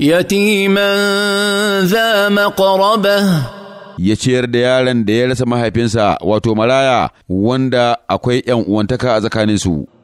يتيما ذا مقربه ya ciyar da yaron da ya rasa mahaifinsa wato maraya wanda akwai 'yan uwantaka a tsakaninsu.